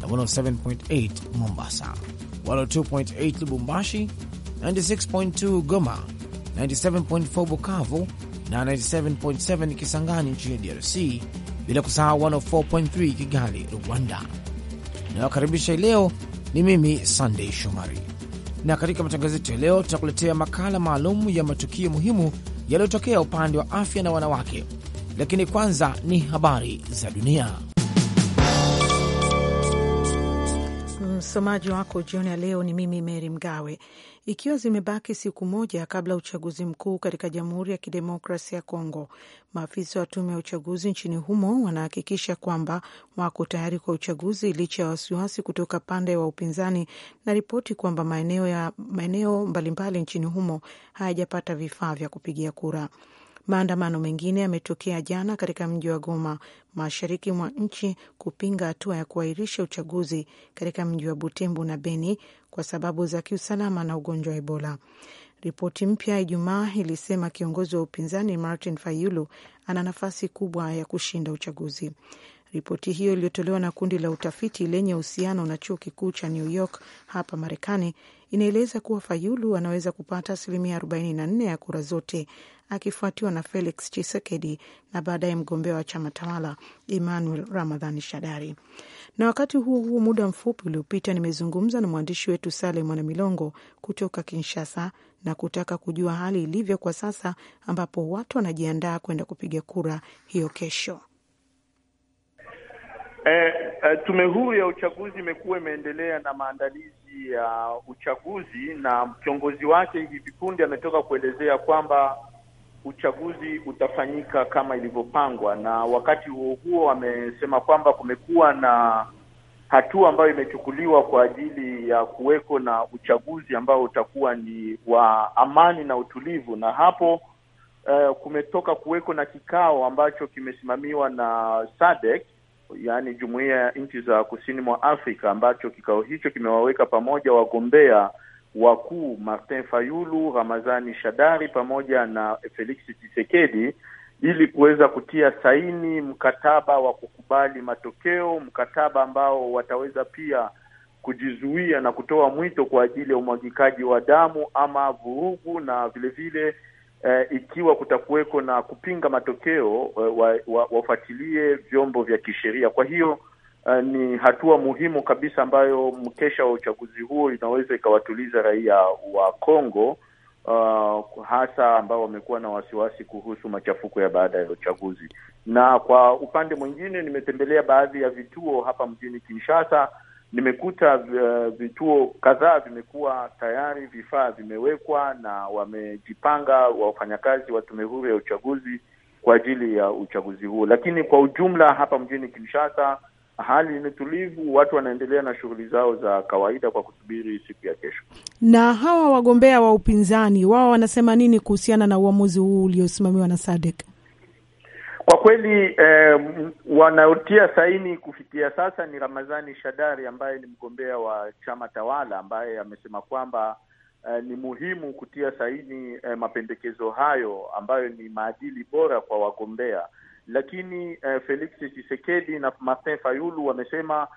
na 107.8 Mombasa, 102.8 Lubumbashi, 96.2 Goma, 97.4 Bukavu na 97.7 Kisangani nchini DRC, bila kusahau 104.3 Kigali, Rwanda. Inayokaribisha leo ni mimi Sandei Shomari, na katika matangazo yetu ya leo tutakuletea makala maalum ya matukio muhimu yaliyotokea upande wa afya na wanawake, lakini kwanza ni habari za dunia. Msomaji wako jioni ya leo ni mimi Meri Mgawe. Ikiwa zimebaki siku moja kabla uchaguzi mkuu katika Jamhuri ya Kidemokrasia ya Kongo, maafisa wa tume ya uchaguzi nchini humo wanahakikisha kwamba wako tayari kwa uchaguzi licha ya wasiwasi kutoka pande wa upinzani na ripoti kwamba maeneo mbalimbali nchini humo hayajapata vifaa vya kupigia kura. Maandamano mengine yametokea jana katika mji wa Goma, mashariki mwa nchi, kupinga hatua ya kuahirisha uchaguzi katika mji wa Butembo na Beni kwa sababu za kiusalama na ugonjwa wa Ebola. Ripoti mpya Ijumaa ilisema kiongozi wa upinzani Martin Fayulu ana nafasi kubwa ya kushinda uchaguzi. Ripoti hiyo iliyotolewa na kundi la utafiti lenye uhusiano na chuo kikuu cha New York hapa Marekani inaeleza kuwa Fayulu anaweza kupata asilimia 44 ya kura zote akifuatiwa na Felix Chisekedi na baadaye mgombea wa chama tawala Emmanuel Ramadhani Shadari. Na wakati huo huo, muda mfupi uliopita, nimezungumza na mwandishi wetu Sale Mwanamilongo kutoka Kinshasa na kutaka kujua hali ilivyo kwa sasa, ambapo watu wanajiandaa kwenda kupiga kura hiyo kesho. Eh, eh, tume huru ya uchaguzi imekuwa imeendelea na maandalizi ya uh, uchaguzi na kiongozi wake hivi punde ametoka kuelezea kwamba uchaguzi utafanyika kama ilivyopangwa, na wakati huo huo amesema kwamba kumekuwa na hatua ambayo imechukuliwa kwa ajili ya kuweko na uchaguzi ambao utakuwa ni wa amani na utulivu, na hapo eh, kumetoka kuweko na kikao ambacho kimesimamiwa na SADC yaani jumuiya ya nchi za kusini mwa Afrika, ambacho kikao hicho kimewaweka pamoja wagombea wakuu Martin Fayulu, Ramazani Shadari pamoja na Felix Tshisekedi ili kuweza kutia saini mkataba wa kukubali matokeo, mkataba ambao wataweza pia kujizuia na kutoa mwito kwa ajili ya umwagikaji wa damu ama vurugu na vilevile eh, ikiwa kutakuweko na kupinga matokeo wafuatilie eh, wa, wa vyombo vya kisheria. Kwa hiyo eh, ni hatua muhimu kabisa ambayo mkesha wa uchaguzi huo inaweza ikawatuliza raia wa Kongo uh, hasa ambao wamekuwa na wasiwasi kuhusu machafuko ya baada ya uchaguzi. Na kwa upande mwingine, nimetembelea baadhi ya vituo hapa mjini Kinshasa nimekuta eh, vituo kadhaa vimekuwa tayari vifaa vimewekwa na wamejipanga wafanyakazi wa tume huru ya uchaguzi kwa ajili ya uchaguzi huo. Lakini kwa ujumla hapa mjini Kinshasa hali ni tulivu, watu wanaendelea na shughuli zao za kawaida kwa kusubiri siku ya kesho. Na hawa wagombea wa upinzani wao wanasema nini kuhusiana na uamuzi huu uliosimamiwa na SADC? Kwa kweli eh, wanaotia saini kufikia sasa ni Ramadhani Shadari ambaye ni mgombea wa chama tawala ambaye amesema kwamba eh, ni muhimu kutia saini eh, mapendekezo hayo ambayo ni maadili bora kwa wagombea. Lakini eh, Felix Tshisekedi na Martin Fayulu wamesema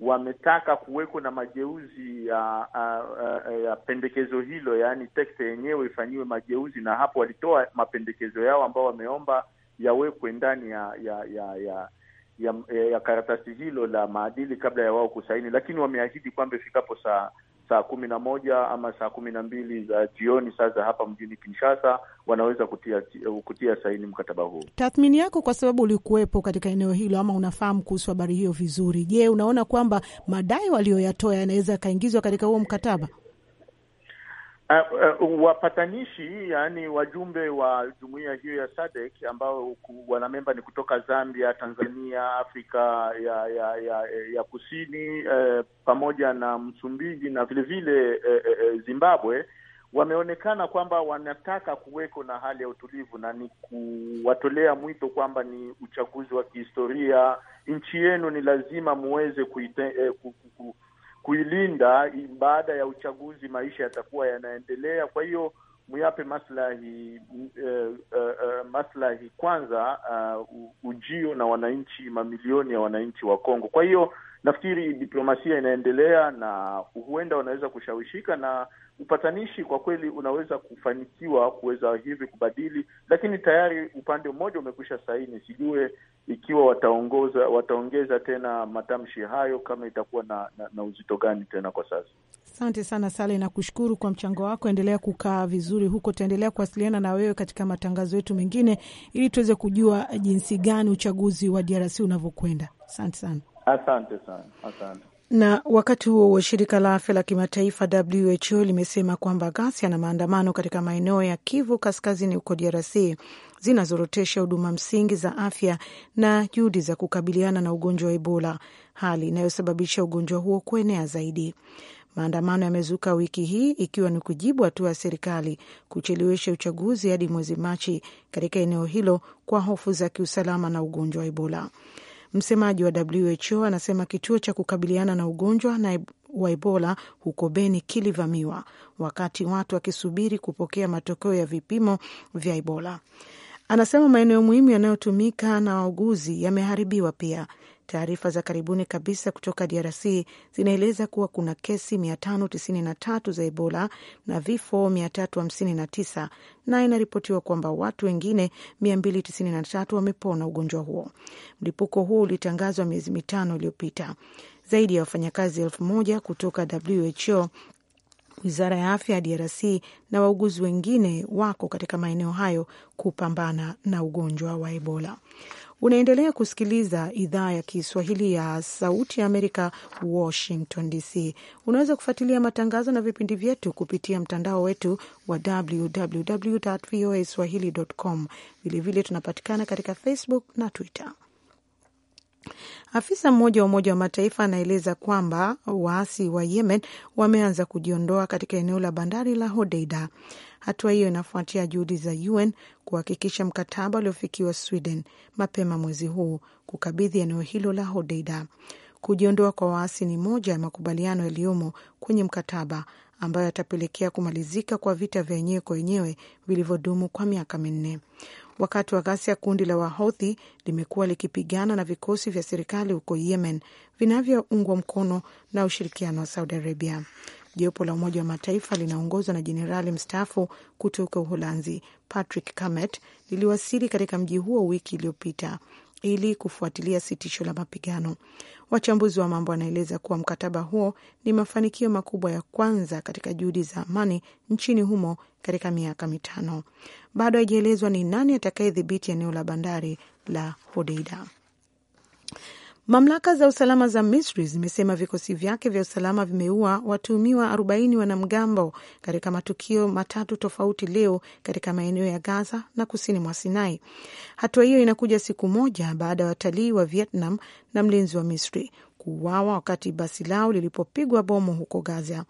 wametaka kuweko na mageuzi ya, ya, ya pendekezo hilo, yaani tekste yenyewe ifanyiwe mageuzi, na hapo walitoa mapendekezo yao ambao wameomba yawekwe ndani ya ya ya, ya ya ya karatasi hilo la maadili kabla ya wao kusaini, lakini wameahidi kwamba ifikapo saa saa kumi na moja ama saa kumi na mbili za jioni saa za hapa mjini Kinshasa wanaweza kutia kutia saini mkataba huu. Tathmini yako, kwa sababu ulikuwepo katika eneo hilo ama unafahamu kuhusu habari hiyo vizuri, je, unaona kwamba madai waliyoyatoa yanaweza yakaingizwa katika huo mkataba? Uh, uh, wapatanishi yaani wajumbe wa jumuiya hiyo ya SADC ambao wanamemba ni kutoka Zambia, Tanzania, Afrika ya ya ya, ya Kusini eh, pamoja na Msumbiji na vilevile eh, eh, eh, Zimbabwe wameonekana kwamba wanataka kuweko na hali ya utulivu na ni kuwatolea mwito kwamba ni uchaguzi wa kihistoria, nchi yenu ni lazima muweze kuite, eh, kuilinda baada ya uchaguzi, maisha yatakuwa yanaendelea. Kwa hiyo muyape maslahi uh, uh, maslahi kwanza uh, ujio na wananchi, mamilioni ya wananchi wa Kongo. Kwa hiyo nafikiri diplomasia inaendelea na huenda wanaweza kushawishika na upatanishi kwa kweli unaweza kufanikiwa kuweza hivi kubadili, lakini tayari upande mmoja umekwisha saini. Sijue ikiwa wataongoza wataongeza tena matamshi hayo kama itakuwa na, na, na uzito gani tena kwa sasa. Asante sana Sale, nakushukuru kwa mchango wako. Endelea kukaa vizuri huko, tutaendelea kuwasiliana na wewe katika matangazo yetu mengine ili tuweze kujua jinsi gani uchaguzi wa DRC unavyokwenda. Asante sana. Asante sana, asante. Na wakati huo huo, shirika la afya la kimataifa WHO limesema kwamba ghasia na maandamano katika maeneo ya Kivu Kaskazini huko DRC zinazorotesha huduma msingi za afya na juhudi za kukabiliana na ugonjwa wa Ebola, hali inayosababisha ugonjwa huo kuenea zaidi. Maandamano yamezuka wiki hii ikiwa ni kujibu hatua ya serikali kuchelewesha uchaguzi hadi mwezi Machi katika eneo hilo kwa hofu za kiusalama na ugonjwa wa Ebola. Msemaji wa WHO anasema kituo cha kukabiliana na ugonjwa na wa Ebola huko Beni kilivamiwa wakati watu wakisubiri kupokea matokeo ya vipimo vya Ebola. Anasema maeneo muhimu yanayotumika na wauguzi yameharibiwa pia Taarifa za karibuni kabisa kutoka DRC zinaeleza kuwa kuna kesi 593 za Ebola na vifo 359 na inaripotiwa kwamba watu wengine 293 wamepona ugonjwa huo. Mlipuko huo ulitangazwa miezi mitano iliyopita. Zaidi ya wafanyakazi elfu moja kutoka WHO wizara ya afya ya DRC na wauguzi wengine wako katika maeneo hayo kupambana na ugonjwa wa Ebola. Unaendelea kusikiliza idhaa ya Kiswahili ya Sauti ya Amerika, Washington DC. Unaweza kufuatilia matangazo na vipindi vyetu kupitia mtandao wetu wa www voa swahili.com. Vilevile tunapatikana katika Facebook na Twitter. Afisa mmoja wa Umoja wa Mataifa anaeleza kwamba waasi wa Yemen wameanza kujiondoa katika eneo la bandari la Hodeida. Hatua hiyo inafuatia juhudi za UN kuhakikisha mkataba uliofikiwa Sweden mapema mwezi huu kukabidhi eneo hilo la Hodeida. Kujiondoa kwa waasi ni moja ya makubaliano yaliyomo kwenye mkataba ambayo yatapelekea kumalizika kwa vita vya wenyewe kwa wenyewe vilivyodumu kwa miaka minne. Wakati wa ghasia, kundi la Wahouthi limekuwa likipigana na vikosi vya serikali huko Yemen vinavyoungwa mkono na ushirikiano wa Saudi Arabia. Jopo la Umoja wa Mataifa linaongozwa na jenerali mstaafu kutoka Uholanzi Patrick Camet liliwasili katika mji huo wiki iliyopita ili kufuatilia sitisho la mapigano. Wachambuzi wa mambo wanaeleza kuwa mkataba huo ni mafanikio makubwa ya kwanza katika juhudi za amani nchini humo katika miaka mitano. Bado haijaelezwa ni nani atakayedhibiti eneo la bandari la Hodeida. Mamlaka za usalama za Misri zimesema vikosi vyake vya usalama vimeua watuhumiwa 40 wanamgambo katika matukio matatu tofauti leo katika maeneo ya Gaza na kusini mwa Sinai. Hatua hiyo inakuja siku moja baada ya watalii wa Vietnam na mlinzi wa Misri kuuawa wakati basi lao lilipopigwa bomu huko Gaza.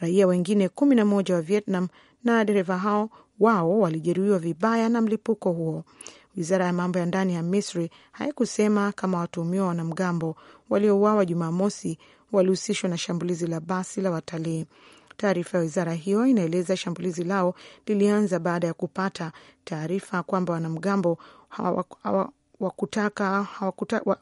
Raia wengine kumi na moja wa Vietnam na dereva hao wao walijeruhiwa vibaya na mlipuko huo. Wizara ya mambo ya ndani ya Misri haikusema kama watuhumiwa wanamgambo waliouawa Jumamosi walihusishwa na shambulizi la basi la watalii. Taarifa ya wizara hiyo inaeleza shambulizi lao lilianza baada ya kupata taarifa kwamba wanamgambo hawakutaka hawa,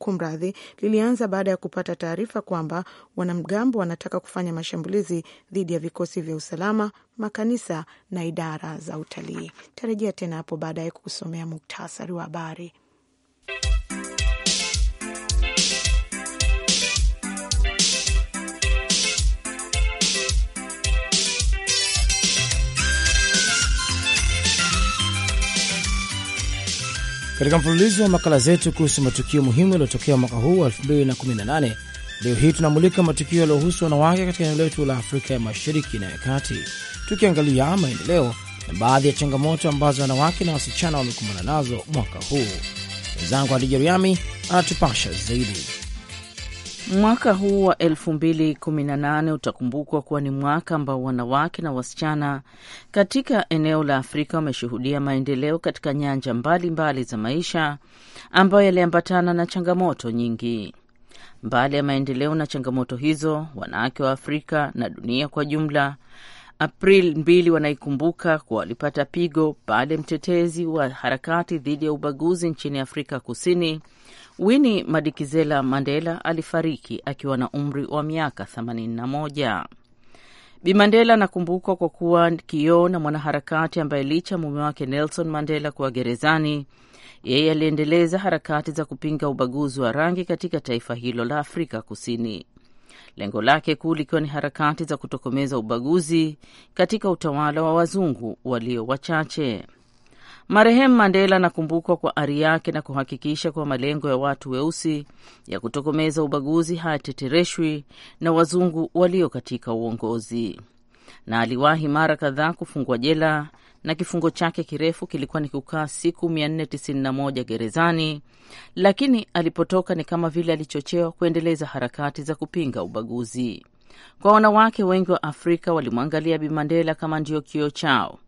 kumradhi, lilianza baada ya kupata taarifa kwamba wanamgambo wanataka kufanya mashambulizi dhidi ya vikosi vya usalama, makanisa na idara za utalii. Tarejea tena hapo baadaye kukusomea muktasari wa habari. Katika mfululizo wa makala zetu kuhusu matukio muhimu yaliyotokea mwaka huu wa 2018, leo hii tunamulika matukio yaliyohusu wanawake katika eneo letu la Afrika ya mashariki na ya kati, tukiangalia maendeleo na baadhi ya changamoto ambazo wanawake na wasichana wamekumbana nazo mwaka huu. Mwenzangu Hadija Riami anatupasha zaidi. Mwaka huu wa 2018 utakumbukwa kuwa ni mwaka ambao wanawake na wasichana katika eneo la Afrika wameshuhudia maendeleo katika nyanja mbalimbali mbali za maisha ambayo yaliambatana na changamoto nyingi. Mbali ya maendeleo na changamoto hizo, wanawake wa Afrika na dunia kwa jumla Aprili mbili wanaikumbuka kuwa walipata pigo pale mtetezi wa harakati dhidi ya ubaguzi nchini Afrika Kusini Wini Madikizela Mandela alifariki akiwa na umri wa miaka 81. Bi Mandela anakumbukwa kwa kuwa kioo na mwanaharakati ambaye licha mume wake Nelson Mandela kuwa gerezani, yeye aliendeleza harakati za kupinga ubaguzi wa rangi katika taifa hilo la Afrika Kusini, lengo lake kuu likiwa ni harakati za kutokomeza ubaguzi katika utawala wa wazungu walio wachache. Marehemu Mandela anakumbukwa kwa ari yake na kuhakikisha kuwa malengo ya watu weusi ya kutokomeza ubaguzi hayatetereshwi na wazungu walio katika uongozi, na aliwahi mara kadhaa kufungwa jela na kifungo chake kirefu kilikuwa ni kukaa siku 491 gerezani, lakini alipotoka ni kama vile alichochewa kuendeleza harakati za kupinga ubaguzi. Kwa wanawake wengi wa Afrika walimwangalia Bi Mandela kama ndio kioo chao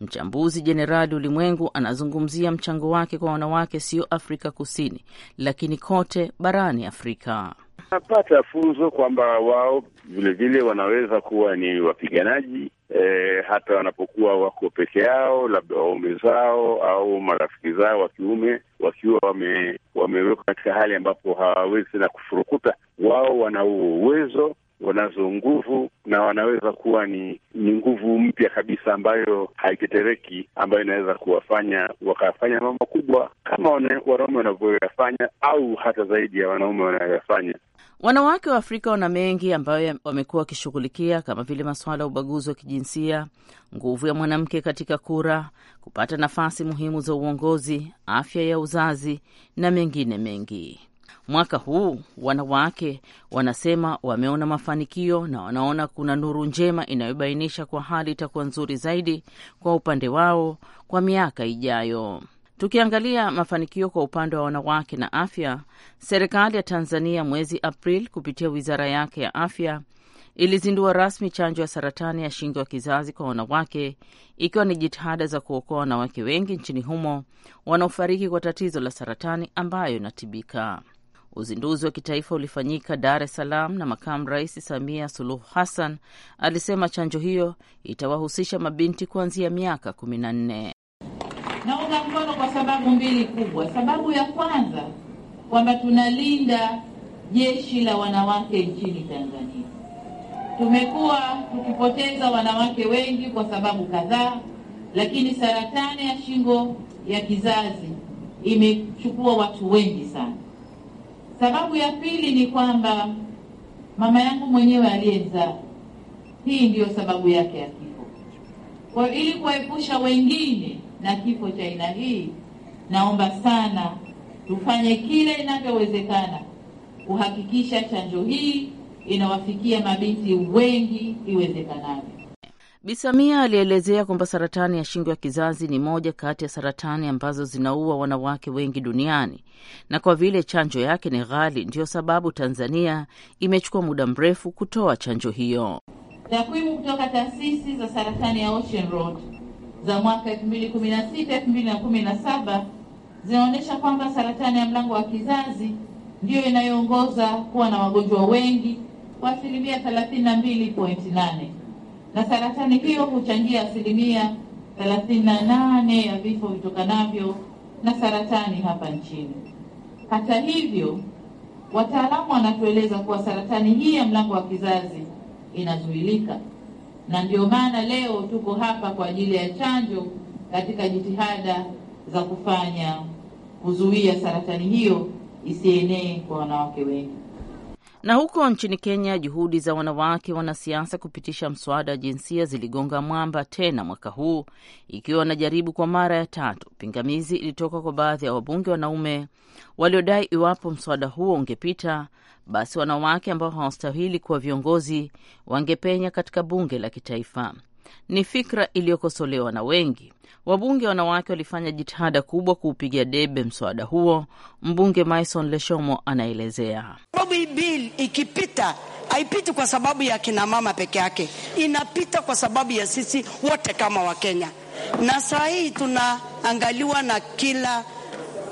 Mchambuzi Jenerali Ulimwengu anazungumzia mchango wake kwa wanawake, sio Afrika Kusini, lakini kote barani Afrika. Napata funzo kwamba wao vilevile wanaweza kuwa ni wapiganaji e, hata wanapokuwa wako peke yao, labda waume zao au marafiki zao wa kiume wakiwa wame, wamewekwa katika hali ambapo hawawezi na kufurukuta, wao wana uwezo wanazo nguvu na wanaweza kuwa ni ni nguvu mpya kabisa ambayo haitetereki, ambayo inaweza kuwafanya wakafanya mambo makubwa kama wanaume wanavyoyafanya au hata zaidi ya wanaume wanayoyafanya. Wanawake wa Afrika wana mengi ambayo wamekuwa wakishughulikia kama vile masuala ya ubaguzi wa kijinsia, nguvu ya mwanamke katika kura, kupata nafasi muhimu za uongozi, afya ya uzazi na mengine mengi. Mwaka huu wanawake wanasema wameona mafanikio na wanaona kuna nuru njema inayobainisha kwa hali itakuwa nzuri zaidi kwa upande wao kwa miaka ijayo. Tukiangalia mafanikio kwa upande wa wanawake na afya, serikali ya Tanzania mwezi Aprili kupitia wizara yake ya afya ilizindua rasmi chanjo ya saratani ya shingo ya kizazi kwa wanawake ikiwa ni jitihada za kuokoa wanawake wengi nchini humo wanaofariki kwa tatizo la saratani ambayo inatibika. Uzinduzi wa kitaifa ulifanyika Dar es Salaam na makamu rais Samia Suluhu Hassan alisema chanjo hiyo itawahusisha mabinti kuanzia miaka kumi na nne. Naunga mkono kwa sababu mbili kubwa. Sababu ya kwanza kwamba tunalinda jeshi la wanawake nchini Tanzania. Tumekuwa tukipoteza wanawake wengi kwa sababu kadhaa, lakini saratani ya shingo ya kizazi imechukua watu wengi sana Sababu ya pili ni kwamba mama yangu mwenyewe aliyezaa, hii ndiyo sababu yake ya kifo. Kwa ili kuwaepusha wengine na kifo cha aina hii, naomba sana tufanye kile inavyowezekana kuhakikisha chanjo hii inawafikia mabinti wengi iwezekanavyo bisamia alielezea kwamba saratani ya shingo ya kizazi ni moja kati ya saratani ambazo zinaua wanawake wengi duniani, na kwa vile chanjo yake ni ghali, ndiyo sababu Tanzania imechukua muda mrefu kutoa chanjo hiyo. Takwimu kutoka taasisi za saratani ya Ocean Road za mwaka 2016 2017 zinaonyesha kwamba saratani ya mlango wa kizazi ndiyo inayoongoza kuwa na wagonjwa wengi kwa asilimia 32.8 na saratani hiyo huchangia asilimia thelathini nane ya vifo vitokanavyo na saratani hapa nchini. Hata hivyo, wataalamu wanatueleza kuwa saratani hii ya mlango wa kizazi inazuilika, na ndio maana leo tuko hapa kwa ajili ya chanjo katika jitihada za kufanya kuzuia saratani hiyo isienee kwa wanawake wengi. Na huko nchini Kenya, juhudi za wanawake wanasiasa kupitisha mswada wa jinsia ziligonga mwamba tena mwaka huu, ikiwa wanajaribu kwa mara ya tatu. Pingamizi ilitoka kwa baadhi ya wabunge wanaume waliodai iwapo mswada huo ungepita, basi wanawake ambao hawastahili kuwa viongozi wangepenya katika bunge la kitaifa ni fikra iliyokosolewa na wengi. Wabunge wanawake walifanya jitihada kubwa kuupigia debe mswada huo. Mbunge Maison Leshomo anaelezea sababu hii bill ikipita haipiti kwa sababu ya kinamama peke yake, inapita kwa sababu ya sisi wote kama Wakenya, na saa hii tunaangaliwa na kila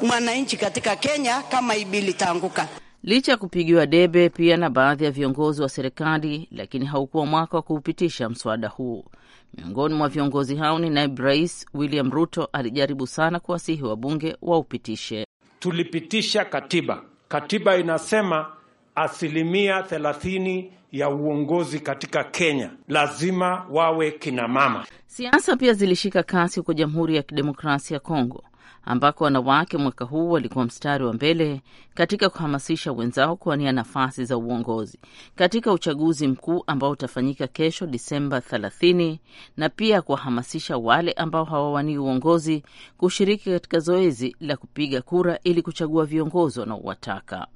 mwananchi katika Kenya kama hii bili itaanguka. Licha ya kupigiwa debe pia na baadhi ya viongozi wa serikali, lakini haukuwa mwaka wa kuupitisha mswada huu. Miongoni mwa viongozi hao ni naibu rais William Ruto, alijaribu sana kuwasihi wabunge waupitishe. Tulipitisha katiba, katiba inasema asilimia thelathini ya uongozi katika Kenya lazima wawe kinamama. Siasa pia zilishika kasi huko Jamhuri ya Kidemokrasia ya Kongo ambako wanawake mwaka huu walikuwa mstari wa mbele katika kuhamasisha wenzao kuwania nafasi za uongozi katika uchaguzi mkuu ambao utafanyika kesho Disemba 30 na pia kuwahamasisha wale ambao hawawanii uongozi kushiriki katika zoezi la kupiga kura ili kuchagua viongozi wanaowataka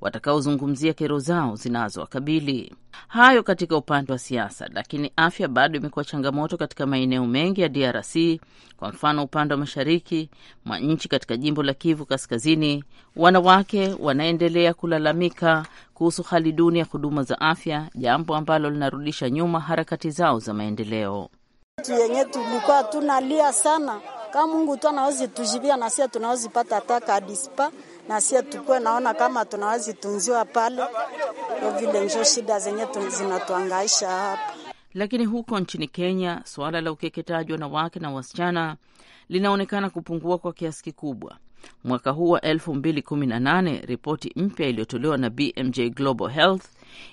watakaozungumzia kero zao zinazowakabili. Hayo katika upande wa siasa, lakini afya bado imekuwa changamoto katika maeneo mengi ya DRC. Kwa mfano, upande wa mashariki mwa nchi katika jimbo la Kivu Kaskazini, wanawake wanaendelea kulalamika kuhusu hali duni ya huduma za afya, jambo ambalo linarudisha nyuma harakati zao za maendeleo. Yenye tulikuwa tunalia sana, kama Mungu tu anawezi tujibia, na sisi tunawezi pata hata kadispa na sie tukue naona kama tunawezi tunziwa pale vile, njo shida zenye zinatuangaisha hapa. Lakini huko nchini Kenya suala la ukeketaji wanawake na wasichana linaonekana kupungua kwa kiasi kikubwa. Mwaka huu wa 2018 ripoti mpya iliyotolewa na BMJ Global Health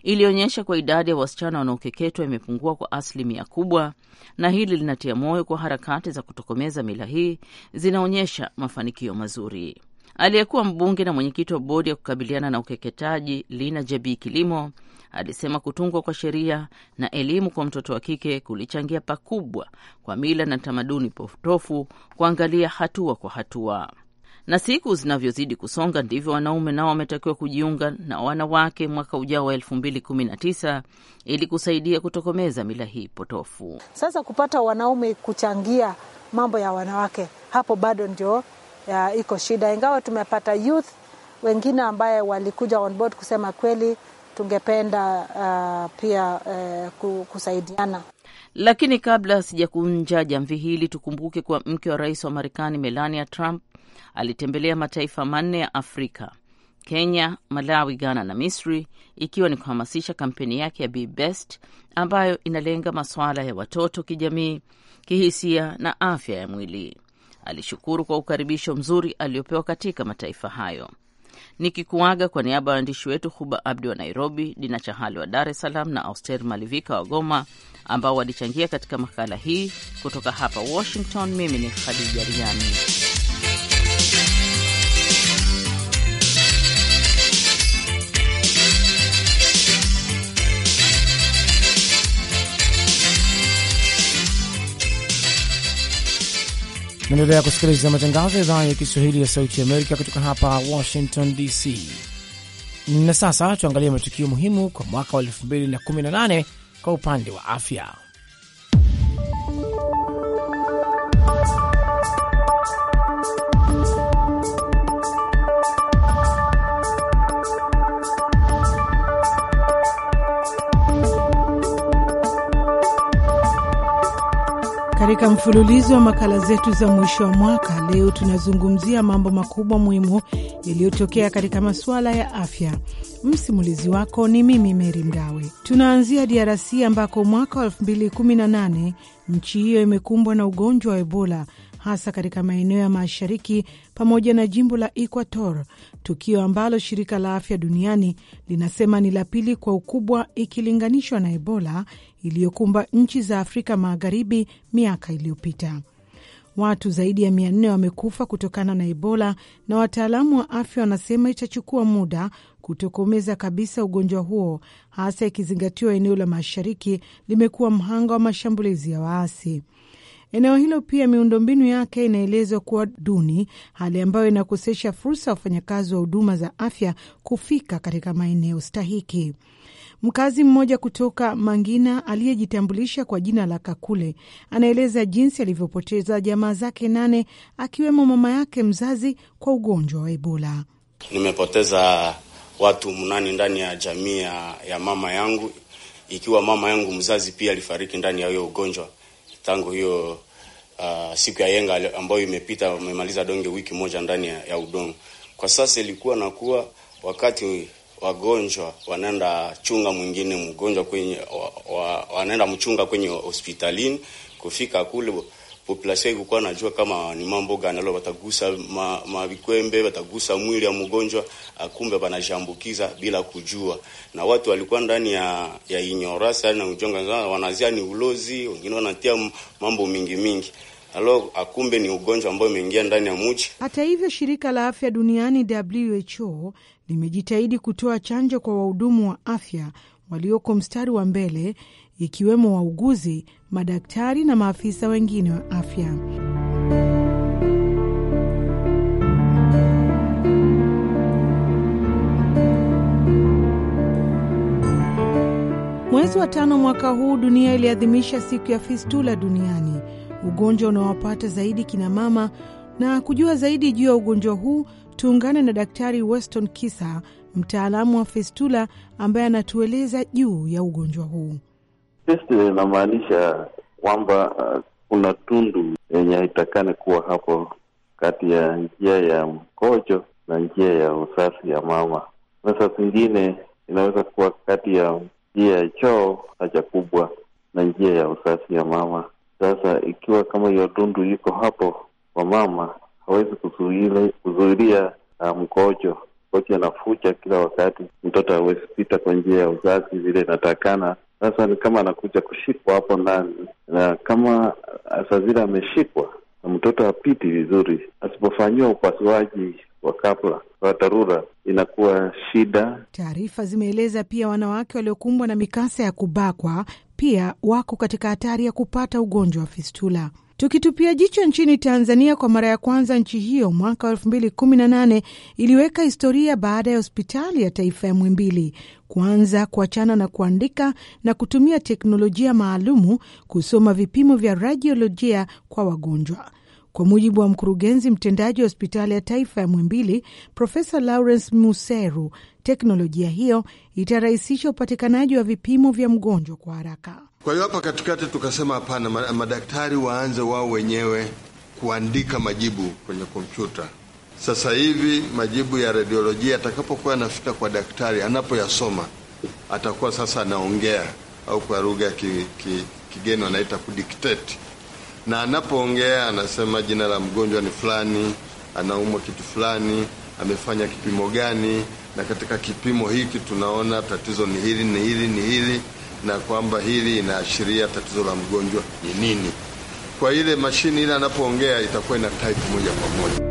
ilionyesha kwa idadi ya wasichana wanaokeketwa imepungua kwa asilimia kubwa, na hili linatia moyo kwa harakati za kutokomeza mila hii zinaonyesha mafanikio mazuri. Aliyekuwa mbunge na mwenyekiti wa bodi ya kukabiliana na ukeketaji Lina jeb Kilimo alisema kutungwa kwa sheria na elimu kwa mtoto wa kike kulichangia pakubwa kwa mila na tamaduni potofu kuangalia hatua kwa hatua. Na siku zinavyozidi kusonga ndivyo wanaume nao wametakiwa kujiunga na wanawake mwaka ujao wa elfu mbili kumi na tisa ili kusaidia kutokomeza mila hii potofu. Sasa kupata wanaume kuchangia mambo ya wanawake, hapo bado ndio ya iko shida, ingawa tumepata youth wengine ambaye walikuja on board kusema kweli tungependa uh, pia uh, kusaidiana. Lakini kabla sijakunja jamvi hili, tukumbuke kuwa mke wa rais wa Marekani Melania Trump alitembelea mataifa manne ya Afrika: Kenya, Malawi, Ghana na Misri, ikiwa ni kuhamasisha kampeni yake ya Be Best ambayo inalenga masuala ya watoto kijamii, kihisia na afya ya mwili alishukuru kwa ukaribisho mzuri aliyopewa katika mataifa hayo. Nikikuaga kwa niaba ya waandishi wetu Huba Abdi wa Nairobi, Dina Chahali wa Dar es Salaam na Auster Malivika wa Goma ambao walichangia katika makala hii. Kutoka hapa Washington, mimi ni Khadija Riani. Naendelea kusikiliza matangazo ya idhaa ya Kiswahili ya Sauti ya Amerika kutoka hapa Washington DC. Na sasa tuangalie matukio muhimu kwa mwaka wa 2018 kwa upande wa afya. Katika mfululizo wa makala zetu za mwisho wa mwaka, leo tunazungumzia mambo makubwa muhimu yaliyotokea katika masuala ya afya. Msimulizi wako ni mimi Meri Mgawe. Tunaanzia DRC ambako mwaka wa 2018 nchi hiyo imekumbwa na ugonjwa wa Ebola hasa katika maeneo ya mashariki pamoja na jimbo la Equator, tukio ambalo shirika la afya duniani linasema ni la pili kwa ukubwa ikilinganishwa na Ebola iliyokumba nchi za Afrika Magharibi miaka iliyopita. Watu zaidi ya mia nne wamekufa kutokana na Ebola na wataalamu wa afya wanasema itachukua muda kutokomeza kabisa ugonjwa huo, hasa ikizingatiwa eneo la mashariki limekuwa mhanga wa mashambulizi ya waasi. Eneo hilo pia miundombinu yake inaelezwa kuwa duni, hali ambayo inakosesha fursa ya wafanyakazi wa huduma za afya kufika katika maeneo stahiki. Mkazi mmoja kutoka Mangina aliyejitambulisha kwa jina la Kakule anaeleza jinsi alivyopoteza jamaa zake nane akiwemo mama yake mzazi kwa ugonjwa wa Ebola. Nimepoteza watu mnani ndani ya jamii ya mama yangu, ikiwa mama yangu mzazi pia alifariki ndani ya huyo ugonjwa tangu hiyo uh, siku ya yenga ambayo imepita, amemaliza donge wiki moja ndani ya, ya udongo. Kwa sasa ilikuwa nakuwa wakati wagonjwa wanaenda chunga mwingine mgonjwa kwenye wa, wa, wanaenda mchunga kwenye hospitalini. Kufika kule population ilikuwa najua kama ni mambo gani leo watagusa mavikwembe ma watagusa mwili ya mgonjwa, akumbe ah, wanashambukiza bila kujua, na watu walikuwa ndani ya ya inyorasa na ujonga, wanazia ni ulozi, wengine wanatia mambo mingi mingi Halo, akumbe ah, ni ugonjwa ambao umeingia ndani ya mji. Hata hivyo, shirika la afya duniani WHO limejitahidi kutoa chanjo kwa wahudumu wa afya walioko mstari wa mbele ikiwemo wauguzi, madaktari na maafisa wengine wa afya. Mwezi wa tano mwaka huu dunia iliadhimisha siku ya fistula duniani, ugonjwa unaowapata zaidi kina mama. Na kujua zaidi juu ya ugonjwa huu tuungane na Daktari Weston Kisa, mtaalamu wa fistula, ambaye anatueleza juu ya ugonjwa huu. Fistula inamaanisha kwamba uh, kuna tundu yenye haitakani kuwa hapo kati ya njia ya mkojo na njia ya usasi ya mama. na sa zingine inaweza kuwa kati ya njia ya choo haja kubwa na njia ya usasi ya mama. Sasa ikiwa kama hiyo tundu iko hapo kwa mama, hawezi kuzuilia uh, mkojo. Mkojo anafucha kila wakati, mtoto hawezi pita kwa njia ya uzazi vile inatakana. Sasa ni kama anakuja kushikwa hapo ndani, na kama ah, saa zile ameshikwa na mtoto hapiti vizuri, asipofanyiwa upasuaji wa kabla wa dharura inakuwa shida. Taarifa zimeeleza pia wanawake waliokumbwa na mikasa ya kubakwa pia wako katika hatari ya kupata ugonjwa wa fistula. Tukitupia jicho nchini Tanzania, kwa mara ya kwanza nchi hiyo mwaka wa elfu mbili kumi na nane iliweka historia baada ya hospitali ya taifa ya Mwimbili kuanza kuachana na kuandika na kutumia teknolojia maalumu kusoma vipimo vya radiolojia kwa wagonjwa. Kwa mujibu wa mkurugenzi mtendaji wa hospitali ya taifa ya Mwimbili, Profesa Lawrence Museru, teknolojia hiyo itarahisisha upatikanaji wa vipimo vya mgonjwa kwa haraka. Kwa hiyo hapa katikati tukasema hapana, madaktari waanze wao wenyewe kuandika majibu kwenye kompyuta. Sasa hivi majibu ya radiolojia atakapokuwa anafika kwa daktari, anapoyasoma atakuwa sasa anaongea, au kwa lugha ya ki, ki, kigeni wanaita kudikteti, na anapoongea anasema jina la mgonjwa ni fulani, anaumwa kitu fulani, amefanya kipimo gani, na katika kipimo hiki tunaona tatizo ni hili, ni hili, ni hili na kwamba hili inaashiria tatizo la mgonjwa ni nini. Kwa ile mashine ile anapoongea itakuwa ina type moja kwa moja.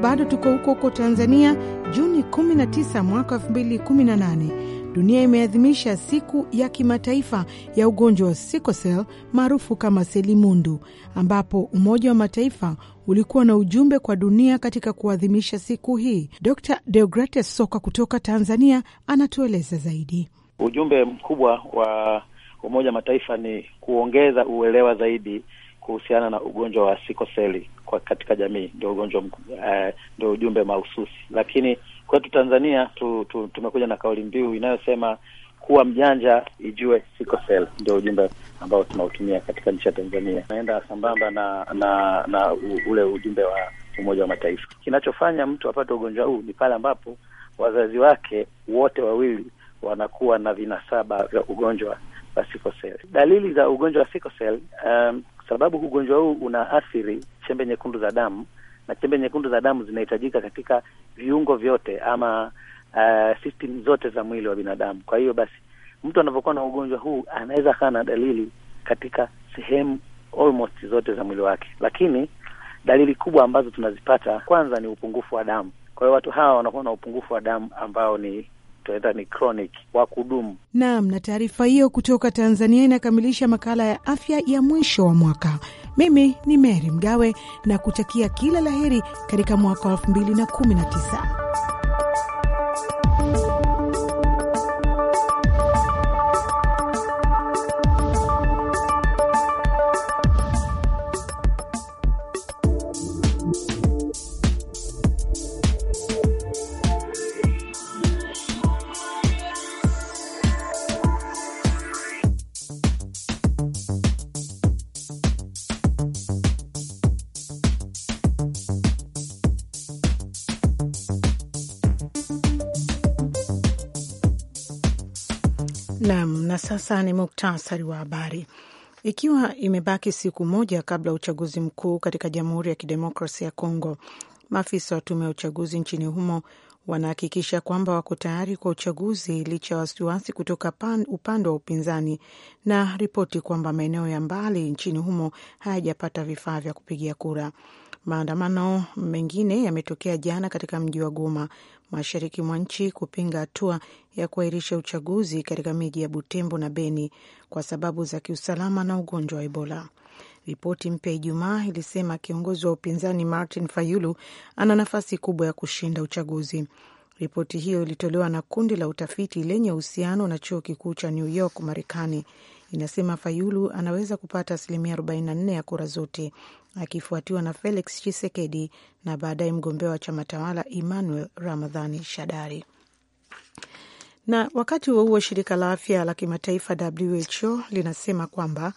bado tuko huko huko Tanzania, Juni 19 mwaka 2018 dunia imeadhimisha siku ya kimataifa ya ugonjwa wa sikosel maarufu kama selimundu, ambapo Umoja wa Mataifa ulikuwa na ujumbe kwa dunia katika kuadhimisha siku hii. Dr Deogrates Soka kutoka Tanzania anatueleza zaidi. Ujumbe mkubwa wa Umoja wa Mataifa ni kuongeza uelewa zaidi kuhusiana na ugonjwa wa sikoseli kwa katika jamii, ndio ugonjwa uh, ndio ujumbe mahususi, lakini kwetu Tanzania tu, tu, tumekuja na kauli mbiu inayosema kuwa mjanja ijue siko sel, Ndio ujumbe ambao tunautumia katika nchi ya Tanzania, naenda sambamba na na na u, ule ujumbe wa Umoja wa Mataifa. Kinachofanya mtu apate ugonjwa huu ni pale ambapo wazazi wake wote wawili wanakuwa na vinasaba vya ugonjwa wa sickle cell. Dalili za ugonjwa wa sickle cell, um, sababu ugonjwa huu unaathiri chembe nyekundu za damu na chembe nyekundu za damu zinahitajika katika viungo vyote ama uh, system zote za mwili wa binadamu. Kwa hiyo basi mtu anapokuwa na ugonjwa huu anaweza akawa na dalili katika sehemu almost zote za mwili wake, lakini dalili kubwa ambazo tunazipata kwanza ni upungufu wa damu. Kwa hiyo watu hawa wanakuwa na upungufu wa damu ambao ni tunaita ni chronic wa kudumu. Naam, na taarifa hiyo kutoka Tanzania inakamilisha makala ya afya ya mwisho wa mwaka. Mimi ni Mary Mgawe na kutakia kila laheri katika mwaka wa elfu mbili na kumi na tisa. Sasa ni muktasari wa habari. Ikiwa imebaki siku moja kabla ya uchaguzi mkuu katika Jamhuri ya Kidemokrasia ya Kongo, maafisa wa tume ya uchaguzi nchini humo wanahakikisha kwamba wako tayari kwa uchaguzi licha ya wasiwasi kutoka upande wa upinzani na ripoti kwamba maeneo ya mbali nchini humo hayajapata vifaa vya kupigia kura. Maandamano mengine yametokea jana katika mji wa Goma, mashariki mwa nchi, kupinga hatua ya kuahirisha uchaguzi katika miji ya Butembo na Beni kwa sababu za kiusalama na ugonjwa wa Ebola. Ripoti mpya Ijumaa ilisema kiongozi wa upinzani Martin Fayulu ana nafasi kubwa ya kushinda uchaguzi. Ripoti hiyo ilitolewa na kundi la utafiti lenye uhusiano na chuo kikuu cha New York, Marekani. Inasema Fayulu anaweza kupata asilimia 44 ya kura zote akifuatiwa na Felix chisekedi na baadaye mgombea wa chama tawala Emmanuel Ramadhani Shadari. Na wakati huo huo, shirika la afya la kimataifa WHO linasema kwamba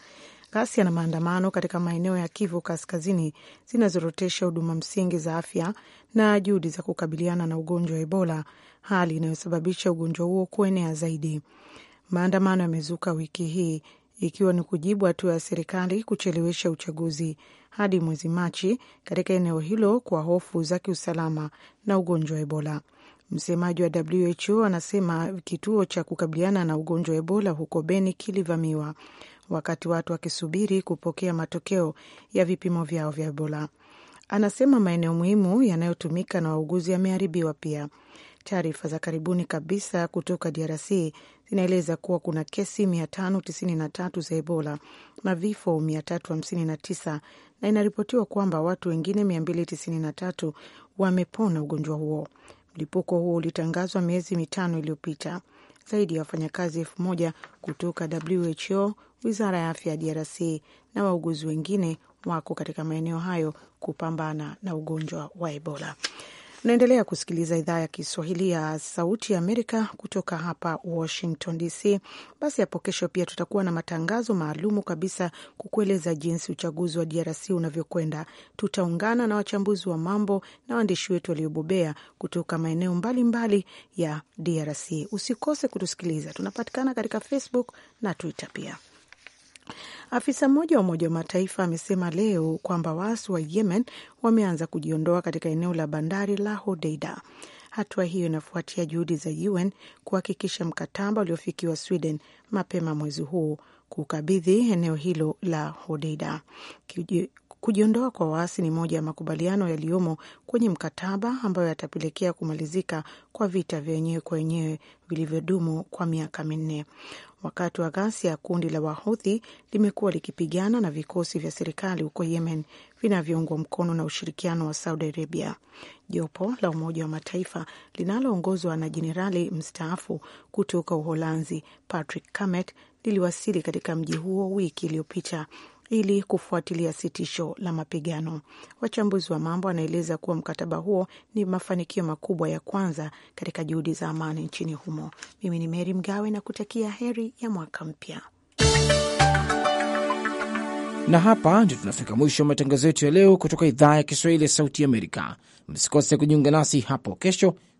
ghasia na maandamano katika maeneo ya Kivu Kaskazini zinazorotesha huduma msingi za afya na juhudi za kukabiliana na ugonjwa wa Ebola, hali inayosababisha ugonjwa huo kuenea zaidi. Maandamano yamezuka wiki hii ikiwa ni kujibu hatua ya serikali kuchelewesha uchaguzi hadi mwezi Machi katika eneo hilo kwa hofu za kiusalama na ugonjwa wa Ebola. Msemaji wa WHO anasema kituo cha kukabiliana na ugonjwa wa Ebola huko Beni kilivamiwa wakati watu wakisubiri kupokea matokeo ya vipimo vyao vya Ebola. Anasema maeneo muhimu yanayotumika na wauguzi yameharibiwa pia. Taarifa za karibuni kabisa kutoka DRC zinaeleza kuwa kuna kesi 593 za Ebola na vifo 359 na inaripotiwa kwamba watu wengine 293 wamepona ugonjwa huo. Mlipuko huo ulitangazwa miezi mitano iliyopita. Zaidi ya wafanyakazi elfu moja kutoka WHO, wizara ya afya ya DRC na wauguzi wengine wako katika maeneo hayo kupambana na ugonjwa wa Ebola. Unaendelea kusikiliza idhaa ya Kiswahili ya Sauti ya Amerika kutoka hapa Washington DC. Basi hapo kesho pia tutakuwa na matangazo maalumu kabisa kukueleza jinsi uchaguzi wa DRC unavyokwenda. Tutaungana na wachambuzi wa mambo na waandishi wetu waliobobea kutoka maeneo mbalimbali ya DRC. Usikose kutusikiliza, tunapatikana katika Facebook na Twitter pia. Afisa mmoja wa Umoja wa Mataifa amesema leo kwamba waasi wa Yemen wameanza kujiondoa katika eneo la bandari la Hodeida. Hatua hiyo inafuatia juhudi za UN kuhakikisha mkataba uliofikiwa Sweden mapema mwezi huu kukabidhi eneo hilo la Hodeida. Kujiondoa kwa waasi ni moja ya makubaliano yaliyomo kwenye mkataba ambayo yatapelekea kumalizika kwa vita vya wenyewe kwa wenyewe vilivyodumu kwa miaka minne. Wakati wa ghasia, kundi la Wahouthi limekuwa likipigana na vikosi vya serikali huko Yemen vinavyoungwa mkono na ushirikiano wa Saudi Arabia. Jopo la Umoja wa Mataifa linaloongozwa na jenerali mstaafu kutoka Uholanzi Patrick Camet liliwasili katika mji huo wiki iliyopita ili kufuatilia sitisho la mapigano. Wachambuzi wa mambo wanaeleza kuwa mkataba huo ni mafanikio makubwa ya kwanza katika juhudi za amani nchini humo. Mimi ni Meri Mgawe na kutakia heri ya mwaka mpya. Na hapa ndio tunafika mwisho wa matangazo yetu ya leo kutoka idhaa ya Kiswahili ya Sauti Amerika. Msikose kujiunga nasi hapo kesho